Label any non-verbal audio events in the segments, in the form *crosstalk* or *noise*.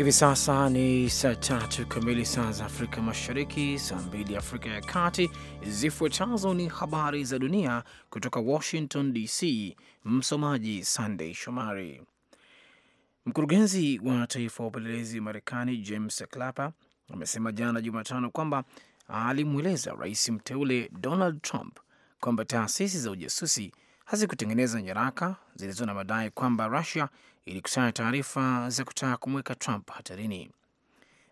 Hivi sasa ni saa tatu kamili saa za Afrika Mashariki, saa mbili Afrika ya Kati. Zifuatazo ni habari za dunia kutoka Washington DC. Msomaji Sandey Shomari. Mkurugenzi wa taifa wa upelelezi Marekani James Clapper amesema jana Jumatano kwamba alimweleza rais mteule Donald Trump kwamba taasisi za ujasusi hazikutengeneza nyaraka zilizo na madai kwamba Rusia ilikusanya taarifa za kutaka kumweka Trump hatarini.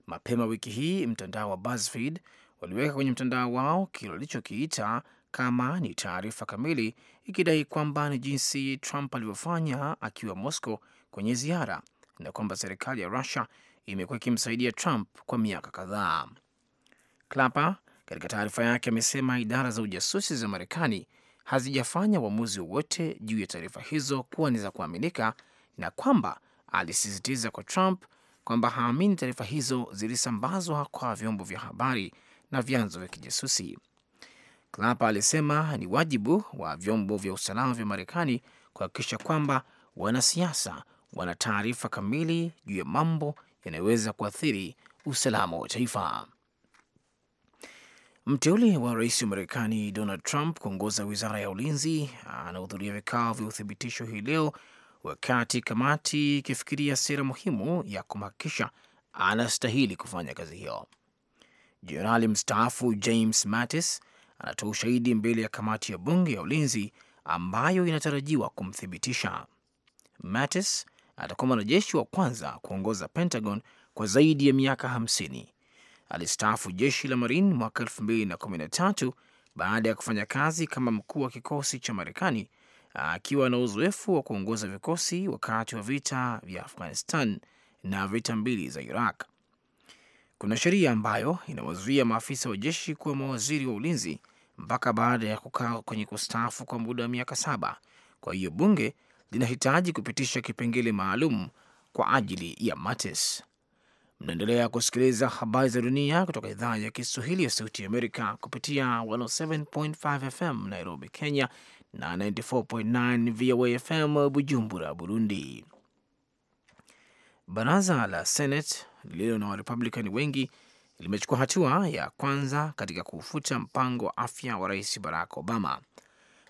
Mapema wiki hii, mtandao wa BuzzFeed waliweka kwenye mtandao wao kile walichokiita kama ni taarifa kamili, ikidai kwamba ni jinsi Trump alivyofanya akiwa Moscow kwenye ziara na kwamba serikali ya Russia imekuwa ikimsaidia Trump kwa miaka kadhaa. Clapper katika taarifa yake amesema idara za ujasusi za Marekani hazijafanya uamuzi wowote juu ya taarifa hizo kuwa ni za kuaminika na kwamba alisisitiza kwa Trump kwamba haamini taarifa hizo zilisambazwa kwa vyombo vya habari na vyanzo vya kijasusi. Clapper alisema ni wajibu wa vyombo vya usalama vya Marekani kuhakikisha kwamba wanasiasa wana taarifa kamili juu ya mambo yanayoweza kuathiri usalama wa taifa. Mteule wa rais wa Marekani Donald Trump kuongoza wizara ya ulinzi anahudhuria vikao vya uthibitisho hii leo wakati kamati ikifikiria sera muhimu ya kumhakikisha anastahili kufanya kazi hiyo. Jenerali mstaafu James Mattis anatoa ushahidi mbele ya kamati ya bunge ya ulinzi ambayo inatarajiwa kumthibitisha. Mattis atakuwa mwanajeshi wa kwanza kuongoza Pentagon kwa zaidi ya miaka 50. Alistaafu jeshi la Marine mwaka 2013 baada ya kufanya kazi kama mkuu wa kikosi cha Marekani akiwa na uzoefu wa kuongoza vikosi wakati wa vita vya Afghanistan na vita mbili za Iraq. Kuna sheria ambayo inawazuia maafisa wa jeshi kuwa mawaziri wa ulinzi mpaka baada ya kukaa kwenye kustaafu kwa muda wa miaka saba. Kwa hiyo bunge linahitaji kupitisha kipengele maalum kwa ajili ya Mattis. Mnaendelea kusikiliza habari za dunia kutoka idhaa ya Kiswahili ya Sauti ya Amerika kupitia 107.5 FM Nairobi, Kenya na 94.9 VOA FM Bujumbura, Burundi. Baraza la Senate lililo na Warepublikani wengi limechukua hatua ya kwanza katika kufuta mpango wa afya wa Rais Barack Obama.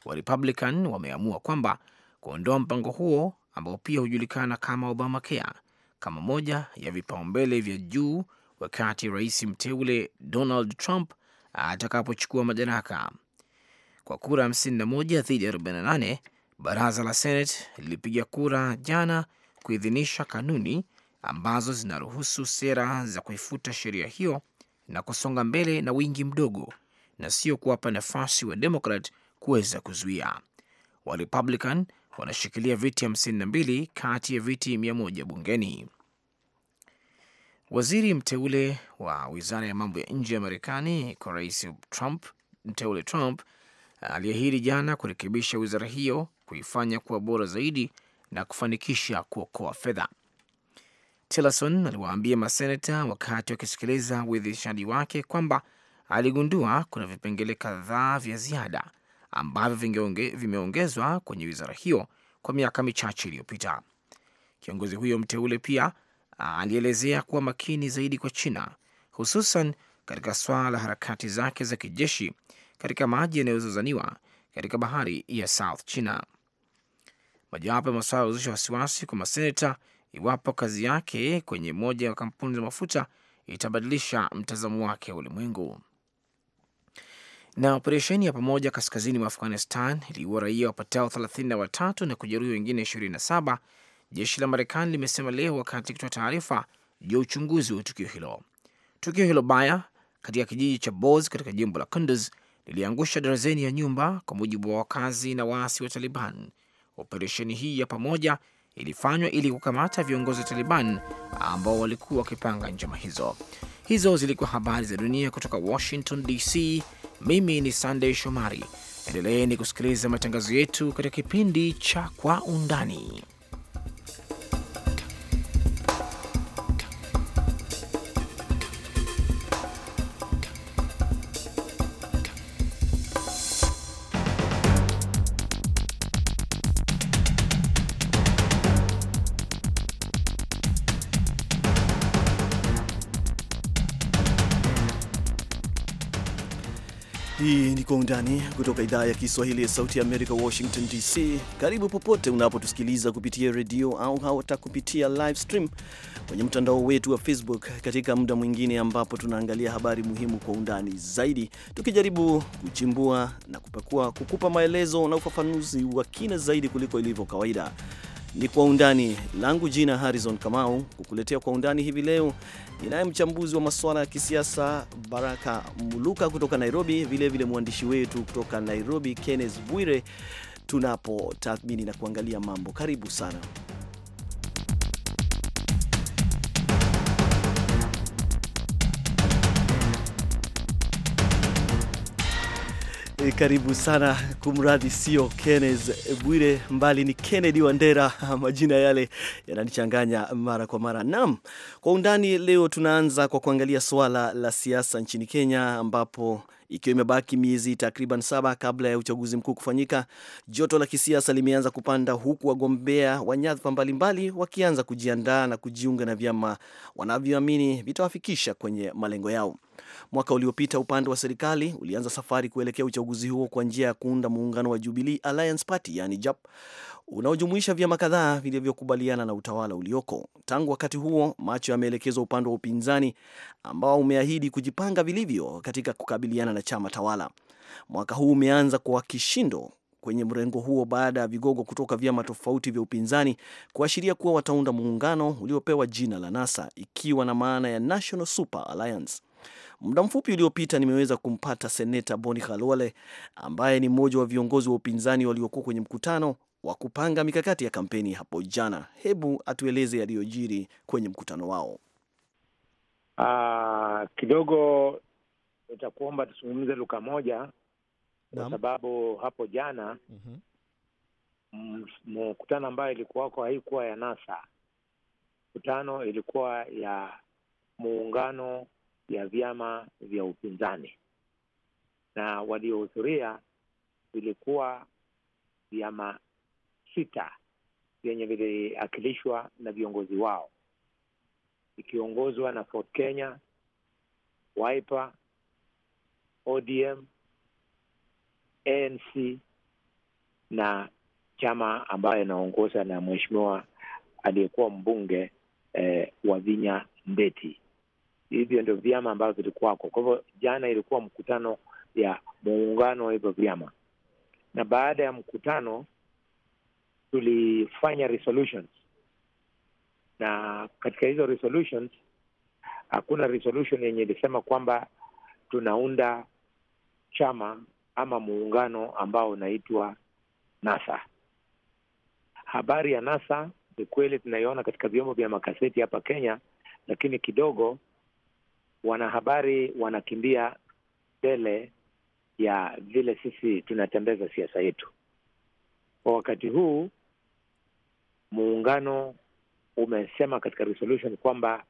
Warepublican wameamua kwamba kuondoa mpango huo ambao pia hujulikana kama Obamacare kama moja ya vipaumbele vya juu wakati rais mteule Donald Trump atakapochukua madaraka kwa kura 51 dhidi ya 48, baraza la Senate lilipiga kura jana kuidhinisha kanuni ambazo zinaruhusu sera za kuifuta sheria hiyo na kusonga mbele na wingi mdogo, na sio kuwapa nafasi wa Demokrat kuweza kuzuia. Wa Republican wanashikilia viti 52 kati ya viti 100 bungeni. Waziri mteule wa wizara ya mambo ya nje ya Marekani kwa rais Trump, mteule Trump aliahidi jana kurekebisha wizara hiyo, kuifanya kuwa bora zaidi na kufanikisha kuokoa fedha. Tillerson aliwaambia maseneta wakati wakisikiliza uidhinishaji wake kwamba aligundua kuna vipengele kadhaa vya ziada ambavyo vimeongezwa kwenye wizara hiyo kwa miaka michache iliyopita. Kiongozi huyo mteule pia alielezea kuwa makini zaidi kwa China, hususan katika swala la harakati zake za kijeshi katika maji yanayozozaniwa katika bahari ya South China. Mojawapo ya masuala yaliozusha wasiwasi kwa maseneta iwapo kazi yake kwenye moja ya kampuni za mafuta itabadilisha mtazamo wake ulimwengu. Na operesheni ya pamoja kaskazini mwa Afghanistan iliua raia wapatao thelathini na watatu na kujeruhi wengine 27 jeshi la Marekani limesema leo wakati ikitoa taarifa juu ya uchunguzi wa tukio hilo. Tukio hilo baya katika kijiji cha Boz katika jimbo la Kunduz liliangusha darazeni ya nyumba, kwa mujibu wa wakazi na waasi wa Taliban. Operesheni hii ya pamoja ilifanywa ili kukamata viongozi wa Taliban ambao walikuwa wakipanga njama hizo. Hizo zilikuwa habari za dunia kutoka Washington DC. Mimi ni Sandey Shomari. Endeleeni kusikiliza matangazo yetu katika kipindi cha Kwa Undani. undani kutoka idhaa ya Kiswahili ya Sauti ya Amerika, Washington DC. Karibu popote unapotusikiliza kupitia redio au hata kupitia live stream kwenye mtandao wetu wa Facebook, katika muda mwingine ambapo tunaangalia habari muhimu kwa undani zaidi, tukijaribu kuchimbua na kupakua kukupa maelezo na ufafanuzi wa kina zaidi kuliko ilivyo kawaida ni kwa undani langu jina Harrison Kamau kukuletea kwa undani hivi leo. Ninaye mchambuzi wa masuala ya kisiasa Baraka Muluka kutoka Nairobi, vilevile mwandishi wetu kutoka Nairobi Kenneth Bwire, tunapotathmini na kuangalia mambo. Karibu sana. Eh, karibu sana, kumradhi, sio Kenneth Bwire mbali ni Kennedy Wandera. *laughs* Majina yale yananichanganya mara kwa mara. Naam, kwa undani leo tunaanza kwa kuangalia suala la siasa nchini Kenya ambapo ikiwa imebaki miezi takriban saba kabla ya uchaguzi mkuu kufanyika, joto la kisiasa limeanza kupanda, huku wagombea wa nyadhifa mbalimbali wakianza kujiandaa na kujiunga na vyama wanavyoamini vitawafikisha kwenye malengo yao. Mwaka uliopita upande wa serikali ulianza safari kuelekea uchaguzi huo kwa njia ya kuunda muungano wa Jubilee Alliance Party, yani JAP, unaojumuisha vyama kadhaa vilivyokubaliana na utawala ulioko. Tangu wakati huo, macho yameelekezwa upande wa upinzani ambao umeahidi kujipanga vilivyo katika kukabiliana na chama tawala. Mwaka huu umeanza kwa kishindo kwenye mrengo huo baada ya vigogo kutoka vyama tofauti vya upinzani kuashiria kuwa wataunda muungano uliopewa jina la NASA, ikiwa na maana ya National Super Alliance. Muda mfupi uliopita nimeweza kumpata seneta Boni Khalwale ambaye ni mmoja wa viongozi wa upinzani waliokuwa kwenye mkutano wa kupanga mikakati ya kampeni hapo jana. Hebu atueleze yaliyojiri kwenye mkutano wao. Uh, kidogo nitakuomba tuzungumze lugha moja kwa sababu hapo jana mm -hmm. mkutano ambayo ilikuwako haikuwa ya NASA. Mkutano ilikuwa ya muungano ya vyama vya upinzani, na waliohudhuria vilikuwa vyama sita vyenye viliakilishwa na viongozi wao ikiongozwa na fort Kenya, Wiper, ODM, ANC na chama ambayo inaongoza na mheshimiwa aliyekuwa mbunge eh, wa Vinya Ndeti hivyo ndio vyama ambavyo vilikuwako. Kwa hivyo jana ilikuwa mkutano ya muungano wa hivyo vyama, na baada ya mkutano tulifanya resolutions, na katika hizo resolutions hakuna resolution yenye ilisema kwamba tunaunda chama ama muungano ambao unaitwa NASA. Habari ya NASA ni kweli tunaiona katika vyombo vya makaseti hapa Kenya, lakini kidogo wanahabari wanakimbia mbele ya vile sisi tunatembeza siasa yetu. Kwa wakati huu muungano umesema katika resolution kwamba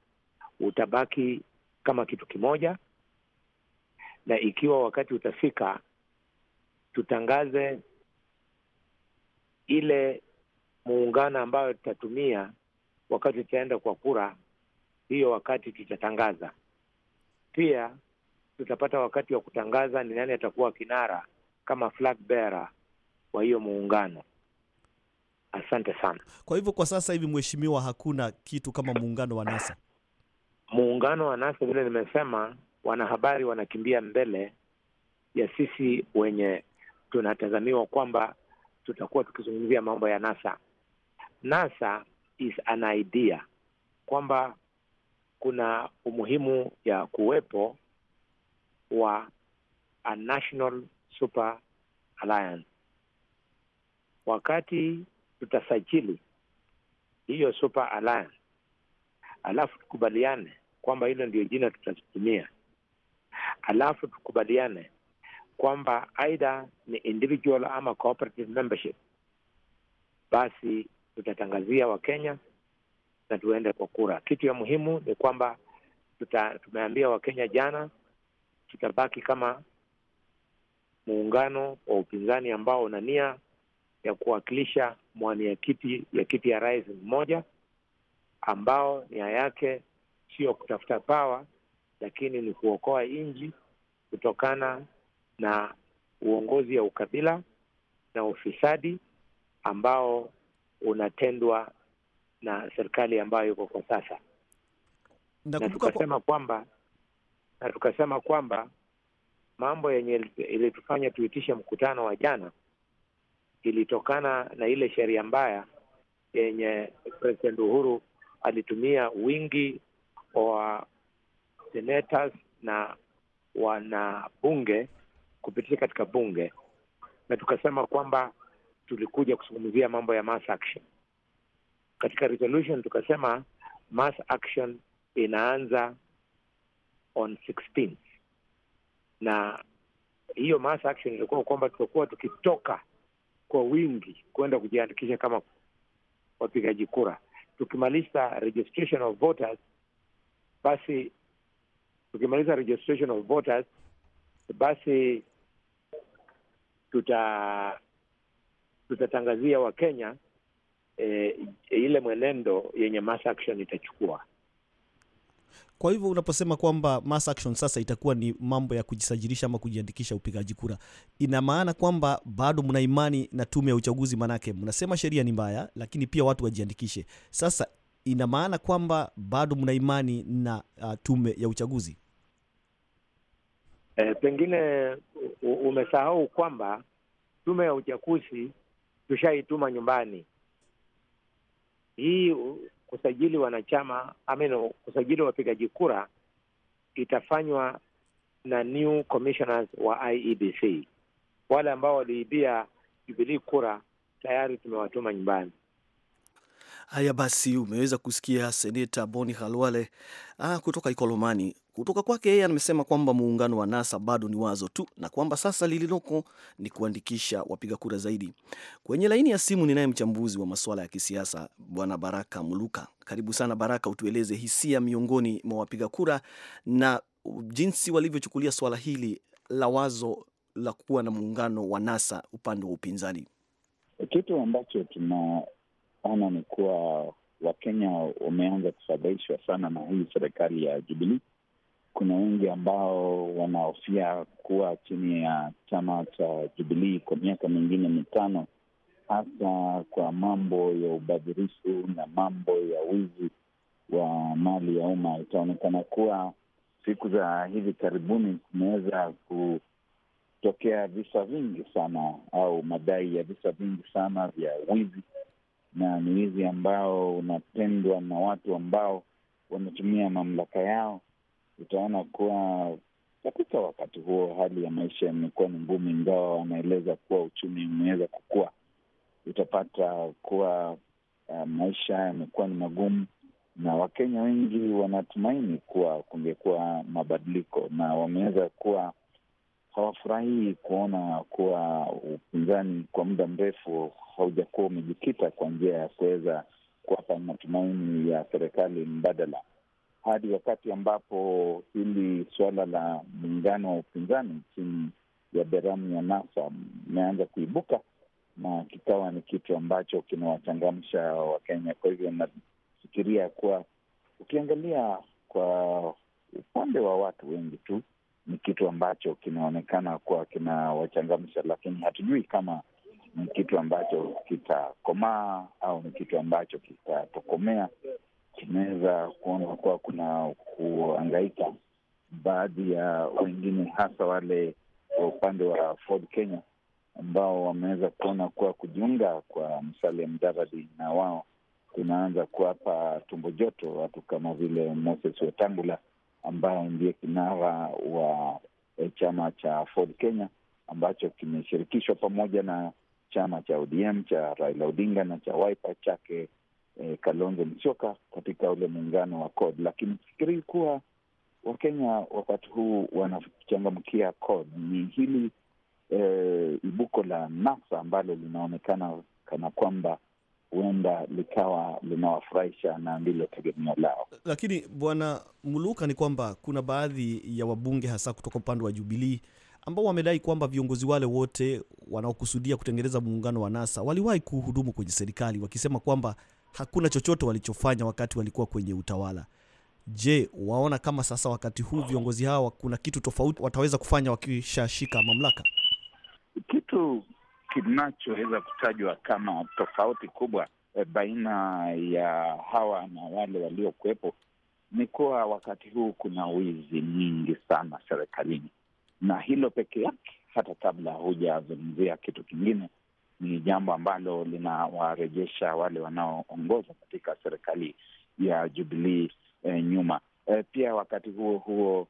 utabaki kama kitu kimoja, na ikiwa wakati utafika tutangaze ile muungano ambayo tutatumia wakati tutaenda kwa kura hiyo, wakati tutatangaza pia tutapata wakati wa kutangaza ni nani atakuwa kinara kama flag bearer wa hiyo muungano. Asante sana. Kwa hivyo kwa sasa hivi, mheshimiwa, hakuna kitu kama muungano wa NASA. Muungano wa NASA, vile nimesema, wanahabari wanakimbia mbele ya sisi wenye tunatazamiwa kwamba tutakuwa tukizungumzia mambo ya NASA. NASA is an idea kwamba kuna umuhimu ya kuwepo wa a national super alliance. Wakati tutasajili hiyo super alliance, alafu tukubaliane kwamba hilo ndio jina tutatumia, alafu tukubaliane kwamba aidha ni individual ama cooperative membership, basi tutatangazia Wakenya na tuende kwa kura. Kitu ya muhimu ni kwamba tuta, tumeambia Wakenya jana tutabaki kama muungano wa upinzani ambao una nia ya kuwakilisha mwania kiti ya kiti ya rais mmoja, ambao nia yake sio kutafuta pawa, lakini ni kuokoa nchi kutokana na uongozi ya ukabila na ufisadi ambao unatendwa na serikali ambayo iko kwa sasa, na tukasema kwamba na tukasema kwamba mambo yenye ilitufanya tuitishe mkutano wa jana ilitokana na ile sheria mbaya yenye President Uhuru alitumia wingi wa senators na wanabunge kupitia katika bunge, na tukasema kwamba tulikuja kuzungumzia mambo ya mass action katika resolution tukasema mass action inaanza on 16 na hiyo mass action ilikuwa kwamba tutakuwa tukitoka kwa wingi kwenda kujiandikisha kama wapigaji kura, tukimaliza registration of voters, basi tukimaliza registration of voters basi tuta tutatangazia Wakenya e, ile mwenendo yenye mass action itachukua. Kwa hivyo unaposema kwamba mass action sasa itakuwa ni mambo ya kujisajilisha ama kujiandikisha upigaji kura, ina maana kwamba bado mna imani na tume ya uchaguzi? Manake mnasema sheria ni mbaya, lakini pia watu wajiandikishe. Sasa ina maana kwamba bado mna imani na uh, tume ya uchaguzi? E, pengine umesahau kwamba tume ya uchaguzi tushaituma nyumbani hii kusajili wanachama amino, kusajili wapigaji kura itafanywa na new commissioners wa IEBC. Wale ambao waliibia Jubilii kura tayari tumewatuma nyumbani. Haya basi, umeweza kusikia seneta Boni Halwale ah, kutoka Ikolomani. Kutoka kwake yeye amesema kwamba muungano wa NASA bado ni wazo tu na kwamba sasa lililoko ni kuandikisha wapiga kura zaidi. Kwenye laini ya simu ninaye mchambuzi wa masuala ya kisiasa Bwana Baraka Muluka. Karibu sana Baraka, utueleze hisia miongoni mwa wapiga kura na jinsi walivyochukulia swala hili la wazo la kuwa na muungano wa NASA upande wa upinzani. Kitu ambacho tuna sana ni kuwa Wakenya wameanza kusababishwa sana na hii serikali ya Jubilii. Kuna wengi ambao wanahofia kuwa chini ya chama cha Jubilii kwa miaka mingine mitano, hasa kwa mambo ya ubadhirifu na mambo ya wizi wa mali ya umma. Itaonekana kuwa siku za hivi karibuni kumeweza kutokea visa vingi sana au madai ya visa vingi sana vya wizi na ni wizi ambao unapendwa na watu ambao wanatumia mamlaka yao. Utaona kuwa katika wakati huo hali ya maisha imekuwa ni ngumu, ingawa wanaeleza kuwa uchumi umeweza kukua. Utapata kuwa uh, maisha yamekuwa ni magumu, na Wakenya wengi wanatumaini kuwa kungekuwa mabadiliko, na wameweza kuwa hawafurahii kuona kuwa upinzani kwa muda mrefu haujakuwa umejikita kwa njia ya kuweza kuwapa matumaini ya serikali mbadala, hadi wakati ambapo hili suala la muungano wa upinzani chini ya beramu ya NASA imeanza kuibuka na kikawa ni kitu ambacho kinawachangamsha Wakenya. Kwa hivyo nafikiria kuwa ukiangalia kwa upande wa watu wengi tu ni kitu ambacho kinaonekana kuwa kinawachangamsha, lakini hatujui kama ni kitu ambacho kitakomaa au ni kitu ambacho kitatokomea. Tunaweza kuona kuwa kuna kuangaika baadhi ya wengine, hasa wale wa upande wa Ford Kenya ambao wameweza kuona kuwa kujiunga kwa Musalia Mudavadi na wao kunaanza kuwapa tumbo joto watu kama vile Moses Wetangula ambaye ndiye kinara wa e, chama cha Ford Kenya ambacho kimeshirikishwa pamoja na chama cha ODM cha Raila Odinga na cha Wiper chake e, Kalonzo Musyoka katika ule muungano wa CORD, lakini fikiri kuwa Wakenya wakati huu wanachangamkia CORD ni hili e, ibuko la NASA ambalo linaonekana kana kwamba huenda likawa linawafurahisha na ndilo tegemeo lao. Lakini Bwana Muluka, ni kwamba kuna baadhi ya wabunge hasa kutoka upande wa Jubilii ambao wamedai kwamba viongozi wale wote wanaokusudia kutengeneza muungano wa NASA waliwahi kuhudumu kwenye serikali, wakisema kwamba hakuna chochote walichofanya wakati walikuwa kwenye utawala. Je, waona kama sasa wakati huu viongozi hawa kuna kitu tofauti wataweza kufanya wakishashika mamlaka? Kitu kinachoweza kutajwa kama tofauti kubwa e, baina ya hawa na wale waliokuwepo ni kuwa wakati huu kuna wizi nyingi sana serikalini, na hilo peke yake, hata kabla hujazungumzia kitu kingine, ni jambo ambalo linawarejesha wale wanaoongoza katika serikali ya Jubilii e, eh, nyuma. E, pia wakati huo huo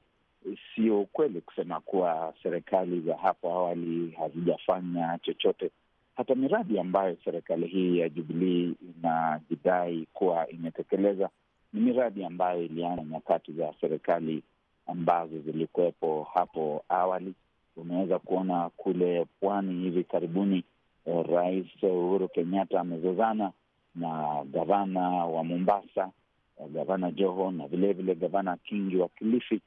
sio ukweli kusema kuwa serikali za hapo awali hazijafanya chochote. Hata miradi ambayo serikali hii ya Jubilii inajidai kuwa imetekeleza ni miradi ambayo ilianza nyakati za serikali ambazo zilikuwepo hapo awali. Umeweza kuona kule pwani hivi karibuni, eh, Rais Uhuru Kenyatta amezozana na gavana wa Mombasa, eh, gavana Joho na vilevile gavana Kingi wa Kilifi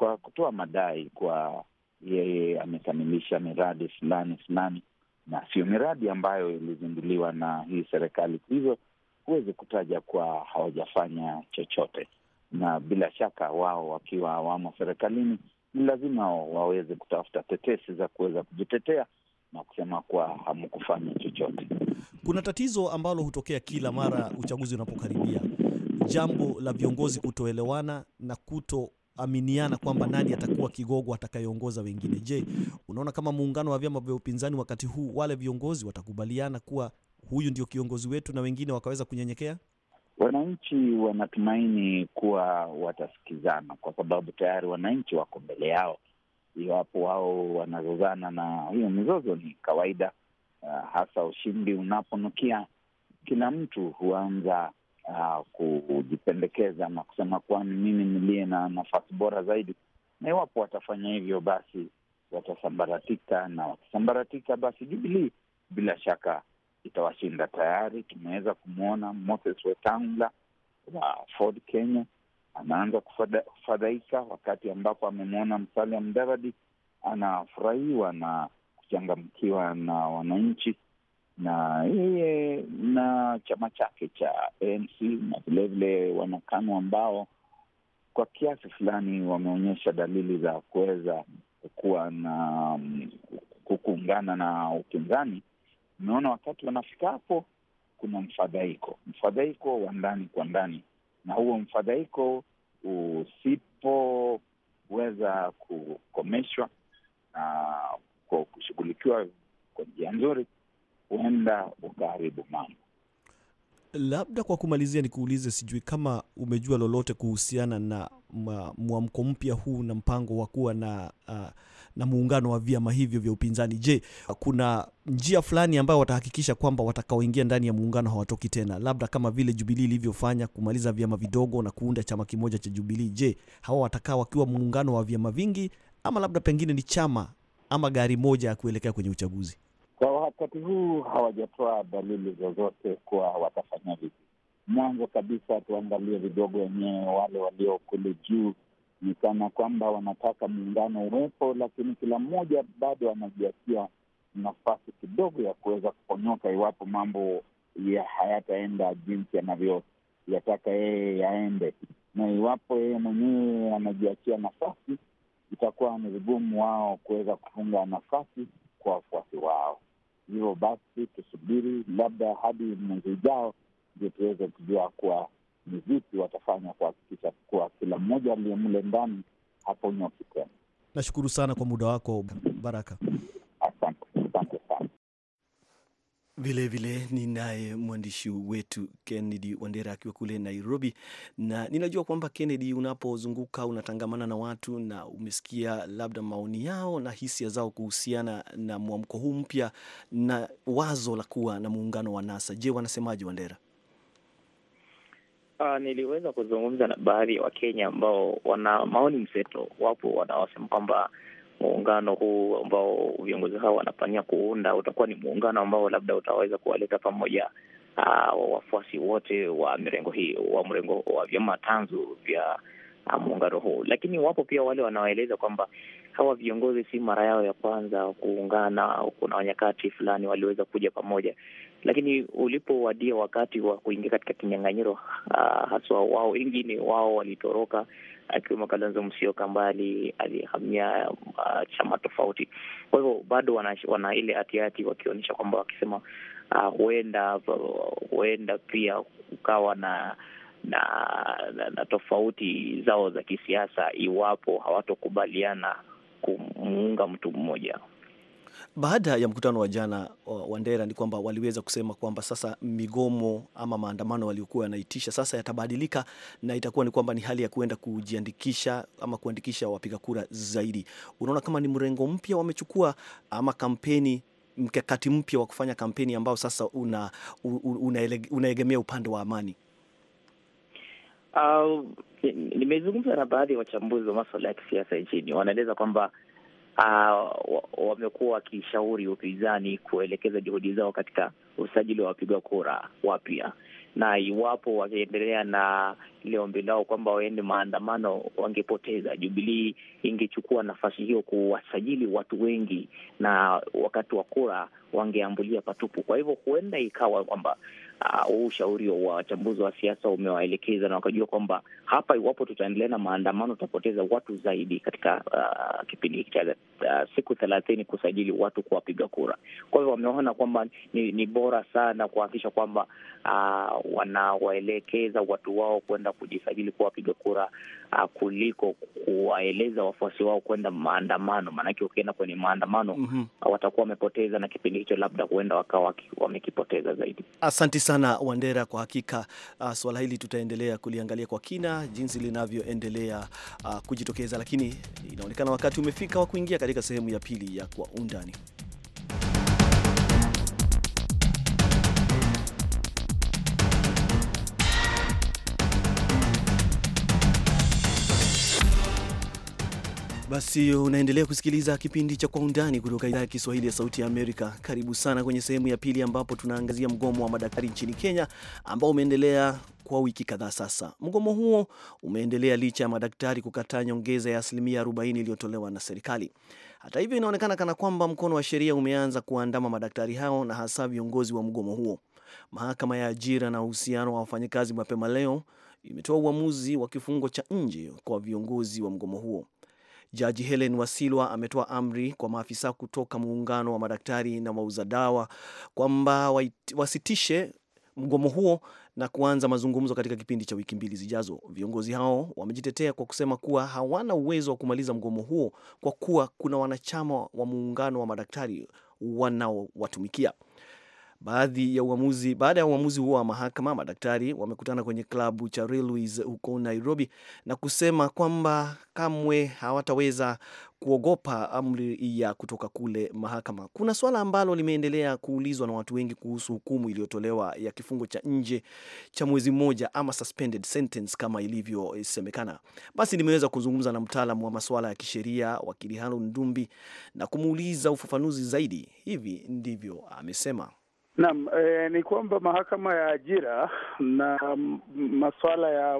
kwa kutoa madai kwa yeye amekamilisha miradi fulani fulani, na sio miradi ambayo ilizinduliwa na hii serikali. Kwa hivyo huwezi kutaja kwa hawajafanya chochote, na bila shaka wao wakiwa awamo serikalini ni lazima waweze kutafuta tetesi za kuweza kujitetea na kusema kuwa hamkufanya chochote. Kuna tatizo ambalo hutokea kila mara uchaguzi unapokaribia, jambo la viongozi kutoelewana na kuto kuaminiana kwamba nani atakuwa kigogo atakayeongoza wengine. Je, unaona kama muungano wa vyama vya upinzani wakati huu wale viongozi watakubaliana kuwa huyu ndio kiongozi wetu na wengine wakaweza kunyenyekea? Wananchi wanatumaini kuwa watasikizana, kwa sababu tayari wananchi wako mbele yao. Iwapo wao wanazozana, na hiyo mizozo ni kawaida, eh, hasa ushindi unaponukia, kila mtu huanza uh, kujipendekeza ama kusema kuwa mimi niliye na nafasi bora zaidi, na iwapo watafanya hivyo, basi watasambaratika, na wakisambaratika, basi Jubilii bila shaka itawashinda. Tayari tumeweza kumwona Moses wetangla wa Ford Kenya anaanza kufadhaika, wakati ambapo amemwona msalia mdaradi anafurahiwa na kuchangamkiwa na wananchi na yeye na chama chake cha ANC na vilevile wanakano ambao kwa kiasi fulani wameonyesha dalili za kuweza kuwa na mm, kuungana na upinzani. Umeona, wakati wanafika hapo, kuna mfadhaiko, mfadhaiko wa ndani kwa ndani, na huo mfadhaiko usipoweza kukomeshwa na kushughulikiwa kwa njia nzuri huenda ukaharibu mambo. Labda kwa kumalizia, nikuulize, sijui kama umejua lolote kuhusiana na mwamko mpya huu na mpango wa kuwa na uh, na muungano wa vyama hivyo vya upinzani. Je, kuna njia fulani ambayo watahakikisha kwamba watakaoingia ndani ya muungano hawatoki tena, labda kama vile Jubilii ilivyofanya kumaliza vyama vidogo na kuunda chama kimoja cha Jubilii? Je, hawa watakaa wakiwa muungano wa vyama vingi, ama labda pengine ni chama ama gari moja ya kuelekea kwenye uchaguzi? wakati huu hawajatoa dalili zozote kuwa watafanya vipi. Mwanzo kabisa tuangalie vidogo wenyewe, wale walio kule juu. Ni kana kwamba wanataka muungano uwepo, lakini kila mmoja bado anajiachia nafasi kidogo ya kuweza kuponyoka iwapo mambo ya hayataenda jinsi anavyoyataka yeye yaende, na iwapo yeye mwenyewe anajiachia nafasi, itakuwa ni vigumu wao kuweza kufunga nafasi kwa wafuasi wao. Hivyo basi tusubiri labda hadi mwezi ujao, ndio tuweze kujua kuwa ni vipi watafanya kuhakikisha kuwa kila mmoja aliye mle ndani hapo kitendo. Nashukuru sana kwa muda wako Baraka. Vilevile ninaye mwandishi wetu Kennedy Wandera akiwa kule Nairobi, na ninajua kwamba Kennedy, unapozunguka unatangamana na watu na umesikia labda maoni yao na hisia zao kuhusiana na mwamko huu mpya na wazo la kuwa na muungano wa NASA. Je, wanasemaje Wandera? Uh, niliweza kuzungumza na baadhi ya Wakenya ambao wana maoni mseto. Wapo wanaosema kwamba muungano huu ambao viongozi hao wanapania kuunda utakuwa ni muungano ambao labda utaweza kuwaleta pamoja uh, wafuasi wote wa mrengo hii wa mrengo wa vyama tanzu vya uh, muungano huu. Lakini wapo pia wale wanaoeleza kwamba hawa viongozi si mara yao ya kwanza kuungana. Kuna wanyakati fulani waliweza kuja pamoja, lakini ulipowadia wakati wa kuingia katika kinyang'anyiro uh, haswa wao wengine wao walitoroka akiwemo Kalonzo Musyoka mbali alihamia uh, chama tofauti. Kwa hivyo bado wana, wana ile hatihati wakionyesha kwamba wakisema uh, huenda huenda pia kukawa na na, na na tofauti zao za kisiasa iwapo hawatokubaliana kumuunga mtu mmoja. Baada ya mkutano wa jana wa Ndera ni kwamba waliweza kusema kwamba sasa migomo ama maandamano waliokuwa yanaitisha sasa yatabadilika na itakuwa ni kwamba ni hali ya kuenda kujiandikisha ama kuandikisha wapiga kura zaidi. Unaona kama ni mrengo mpya wamechukua ama kampeni mkakati mpya wa kufanya kampeni ambao sasa una, unaegemea una, una upande wa amani. Uh, nimezungumza na baadhi ya wachambuzi wa maswala ya kisiasa nchini, wanaeleza kwamba Ah, wamekuwa wakishauri upinzani kuelekeza juhudi zao katika usajili wa wapiga kura wapya, na iwapo wataendelea na ile ombi lao kwamba waende maandamano wangepoteza. Jubilii ingechukua nafasi hiyo kuwasajili watu wengi, na wakati wa kura wangeambulia patupu. Kwa hivyo huenda ikawa kwamba huu uh, ushauri wa wachambuzi wa siasa umewaelekeza na wakajua kwamba hapa, iwapo tutaendelea na maandamano, tutapoteza watu zaidi katika uh, kipindi hiki cha uh, siku thelathini kusajili watu kuwapiga kura. Kwa hivyo wameona kwamba ni, ni bora sana kuhakikisha kwamba uh, wanawaelekeza watu wao kwenda kujisajili kuwapiga wapiga kura uh, kuliko kuwaeleza wafuasi wao kwenda maandamano, maanake ukienda kwenye maandamano mm -hmm. watakuwa wamepoteza, na kipindi hicho labda huenda wakawa wamekipoteza zaidi. Asante sana Wandera, kwa hakika uh, swala hili tutaendelea kuliangalia kwa kina jinsi linavyoendelea uh, kujitokeza, lakini inaonekana wakati umefika wa kuingia katika sehemu ya pili ya kwa undani. Basi unaendelea kusikiliza kipindi cha Kwa Undani kutoka idhaa ya Kiswahili ya Sauti ya Amerika. Karibu sana kwenye sehemu ya pili, ambapo tunaangazia mgomo wa madaktari nchini Kenya ambao umeendelea kwa wiki kadhaa sasa. Mgomo huo umeendelea licha ya madaktari kukataa nyongeza ya asilimia 40 iliyotolewa na serikali. Hata hivyo, inaonekana kana kwamba mkono wa sheria umeanza kuandama madaktari hao na hasa viongozi wa mgomo huo. Mahakama ya Ajira na Uhusiano wa Wafanyakazi mapema leo imetoa uamuzi wa kifungo cha nje kwa viongozi wa mgomo huo. Jaji Helen Wasilwa ametoa amri kwa maafisa kutoka muungano wa madaktari na wauza dawa kwamba wasitishe mgomo huo na kuanza mazungumzo katika kipindi cha wiki mbili zijazo. Viongozi hao wamejitetea kwa kusema kuwa hawana uwezo wa kumaliza mgomo huo kwa kuwa kuna wanachama wa muungano wa madaktari wanaowatumikia. Baadhi ya uamuzi, baada ya uamuzi huo wa mahakama, madaktari wamekutana kwenye klabu cha Railways huko Nairobi na kusema kwamba kamwe hawataweza kuogopa amri ya kutoka kule mahakama. Kuna swala ambalo limeendelea kuulizwa na watu wengi kuhusu hukumu iliyotolewa ya kifungo cha nje cha mwezi mmoja ama suspended sentence kama ilivyosemekana. Basi nimeweza kuzungumza na mtaalamu wa masuala ya kisheria wakili Haron Ndumbi na kumuuliza ufafanuzi zaidi. Hivi ndivyo amesema. Naam, e, ni kwamba mahakama ya ajira na masuala ya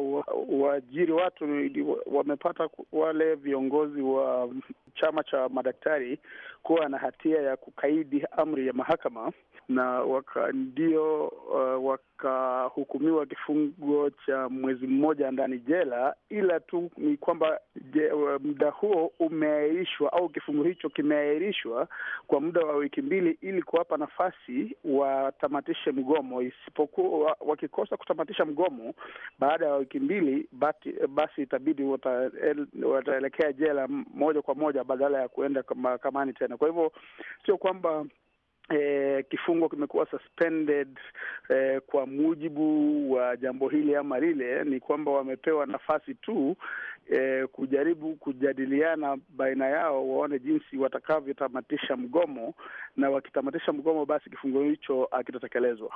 uajiri wa, wa watu wamepata wale viongozi wa chama cha madaktari kuwa na hatia ya kukaidi amri ya mahakama na waka, ndio uh, wakahukumiwa kifungo cha mwezi mmoja ndani jela, ila tu ni kwamba uh, muda huo umeahirishwa au kifungo hicho kimeahirishwa kwa muda wa wiki mbili ili kuwapa nafasi watamatishe mgomo. Isipokuwa wakikosa kutamatisha mgomo baada ya wiki mbili, basi itabidi wataelekea jela moja kwa moja badala ya kuenda mahakamani tena. Kwa hivyo sio kwamba E, kifungo kimekuwa suspended e, kwa mujibu wa jambo hili ama lile, ni kwamba wamepewa nafasi tu e, kujaribu kujadiliana baina yao, waone jinsi watakavyotamatisha mgomo, na wakitamatisha mgomo, basi kifungo hicho hakitatekelezwa.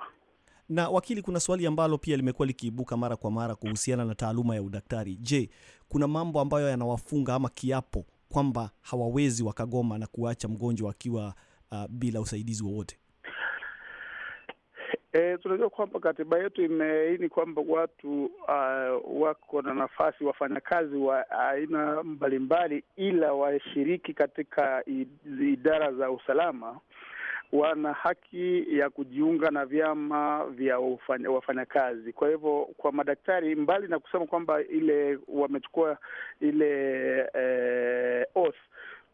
Na wakili, kuna swali ambalo pia limekuwa likiibuka mara kwa mara kuhusiana na taaluma ya udaktari. Je, kuna mambo ambayo yanawafunga ama kiapo kwamba hawawezi wakagoma na kuacha mgonjwa akiwa uh, bila usaidizi wowote? E, tunajua kwamba katiba yetu imeaini kwamba watu uh, wako na nafasi, wafanyakazi wa aina uh, mbalimbali, ila washiriki katika idara za usalama wana haki ya kujiunga na vyama vya wafanyakazi. Kwa hivyo kwa madaktari, mbali na kusema kwamba ile wamechukua ile eh, oath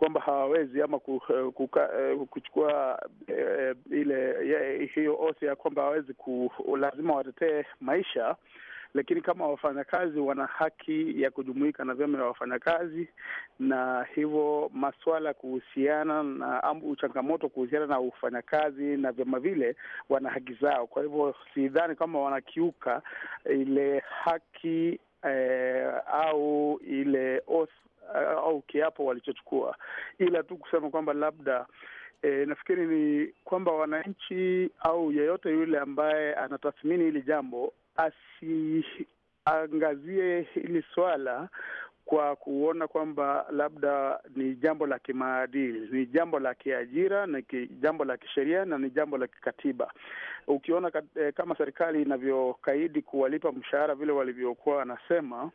kwamba hawawezi ama eh, kuka, eh, kuchukua eh, ile hiyo osi ya kwamba hawawezi ku, lazima watetee maisha lakini kama wafanyakazi wana haki ya kujumuika na vyama vya wafanyakazi, na hivyo maswala kuhusiana na ambu changamoto kuhusiana na ufanyakazi na vyama vile wana haki zao. Kwa hivyo sidhani kama wanakiuka ile haki eh, au ile osi Uh, au kiapo walichochukua, ila tu kusema kwamba labda E, nafikiri ni kwamba wananchi au yeyote yule ambaye anatathmini hili jambo asiangazie hili swala kwa kuona kwamba labda ni jambo la kimaadili, ni jambo la kiajira, ni jambo la kisheria na ni jambo la kikatiba. Ukiona kat, e, eh, kama serikali inavyokaidi kuwalipa mshahara vile walivyokuwa wanasema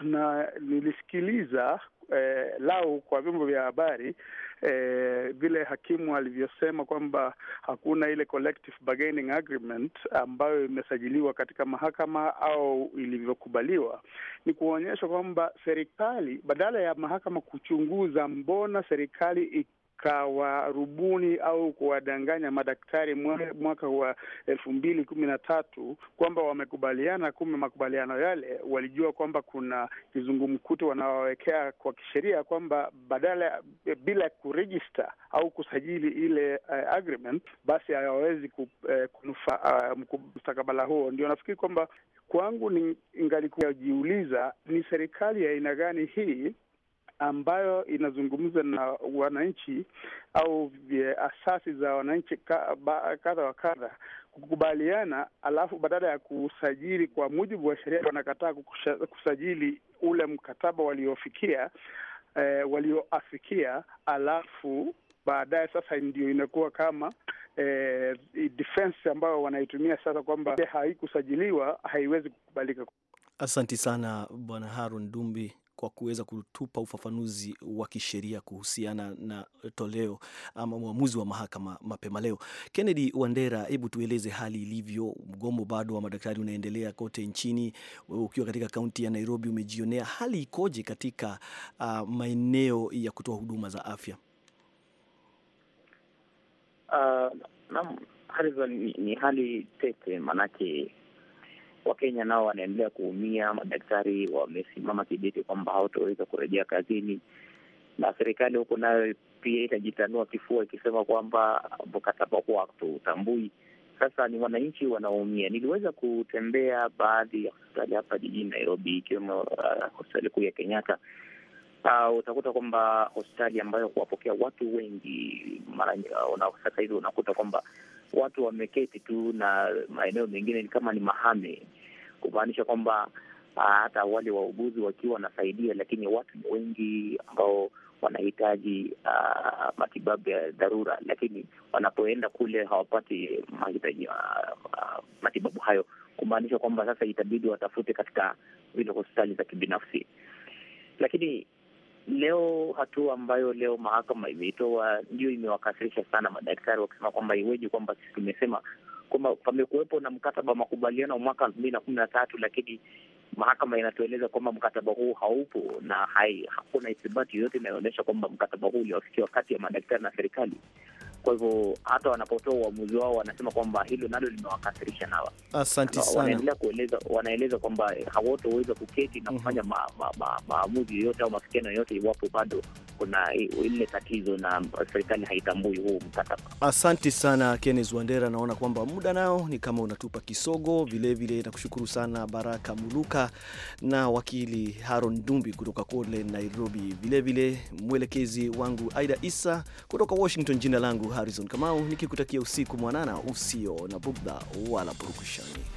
na nilisikiliza eh, lau kwa vyombo vya habari eh, vile eh, hakimu alivyosema kwamba hakuna ile collective bargaining agreement ambayo imesajiliwa katika mahakama au ilivyokubaliwa, ni kuonyesha kwamba serikali badala ya mahakama kuchunguza mbona serikali kawarubuni au kuwadanganya madaktari mwaka wa elfu mbili kumi na tatu kwamba wamekubaliana. Kumbe makubaliano yale walijua kwamba kuna kizungumkuti wanaowekea kwa kisheria kwamba badala bila kurejista au kusajili ile uh, agreement, basi hawawezi ku, uh, eh, uh, ah, mustakabala huo. Ndio nafikiri kwamba kwangu ni ingalikujiuliza ni serikali ya aina gani hii ambayo inazungumza na wananchi au eh, asasi za wananchi kadha wa kadha kukubaliana, alafu badala ya kusajili kwa mujibu wa sheria wanakataa kusajili ule mkataba waliofikia, eh, walioafikia, alafu baadaye sasa ndio inakuwa kama eh, defense ambayo wanaitumia sasa kwamba haikusajiliwa haiwezi kukubalika. Asanti sana Bwana Harun Dumbi kwa kuweza kutupa ufafanuzi wa kisheria kuhusiana na toleo ama uamuzi wa mahakama mapema leo. Kennedy Wandera, hebu tueleze hali ilivyo. Mgomo bado wa madaktari unaendelea kote nchini, wewe ukiwa katika kaunti ya Nairobi umejionea hali ikoje katika uh, maeneo ya kutoa huduma za afya? Uh, naam, ni, ni hali tete maanake Wakenya nao wanaendelea kuumia, madaktari wamesimama kidete kwamba hawataweza kurejea kazini, na serikali huku nayo pia itajitanua kifua ikisema kwamba mkataba hautambui. Sasa ni wananchi wanaoumia. Niliweza kutembea baadhi ya hospitali hapa jijini Nairobi, ikiwemo uh, hospitali kuu ya Kenyatta. Uh, utakuta kwamba hospitali ambayo huwapokea watu wengi mara uh, sasa hivi unakuta kwamba watu wameketi tu, na maeneo mengine ni kama ni mahame, kumaanisha kwamba ah, hata wale wauguzi wakiwa wanasaidia, lakini watu ni wengi ambao wanahitaji uh, matibabu ya dharura, lakini wanapoenda kule hawapati mahitaji uh, uh, matibabu hayo, kumaanisha kwamba sasa itabidi watafute katika vile hospitali za kibinafsi. Lakini leo hatua ambayo leo mahakama imeitoa ndio imewakasirisha sana madaktari, wakisema kwamba iweje kwamba sisi tumesema kwamba pamekuwepo na mkataba wa makubaliano wa mwaka elfu mbili na kumi na tatu lakini mahakama inatueleza kwamba mkataba huu haupo na hai, hakuna ithibati yoyote inayoonyesha kwamba mkataba huu uliwafikia wakati ya madaktari na serikali. Kwa hivyo hata wanapotoa uamuzi wao wanasema kwamba hilo nalo limewakasirisha nawa. Asante sana. Wanaendelea kueleza, wanaeleza kwamba hawatoweza kuketi na mhm. kufanya maamuzi ma, ma, ma, yoyote au mafikiano yoyote iwapo bado kuna ile tatizo na serikali haitambui huu mkataba. Asante sana Kenneth Wandera, naona kwamba muda nao ni kama unatupa kisogo. Vilevile nakushukuru sana Baraka Muluka na wakili Haron Dumbi kutoka kule Nairobi, vilevile mwelekezi wangu Aida Isa kutoka Washington. Jina langu Harrison Kamau nikikutakia usiku mwanana usio na bugdha wala burukushani.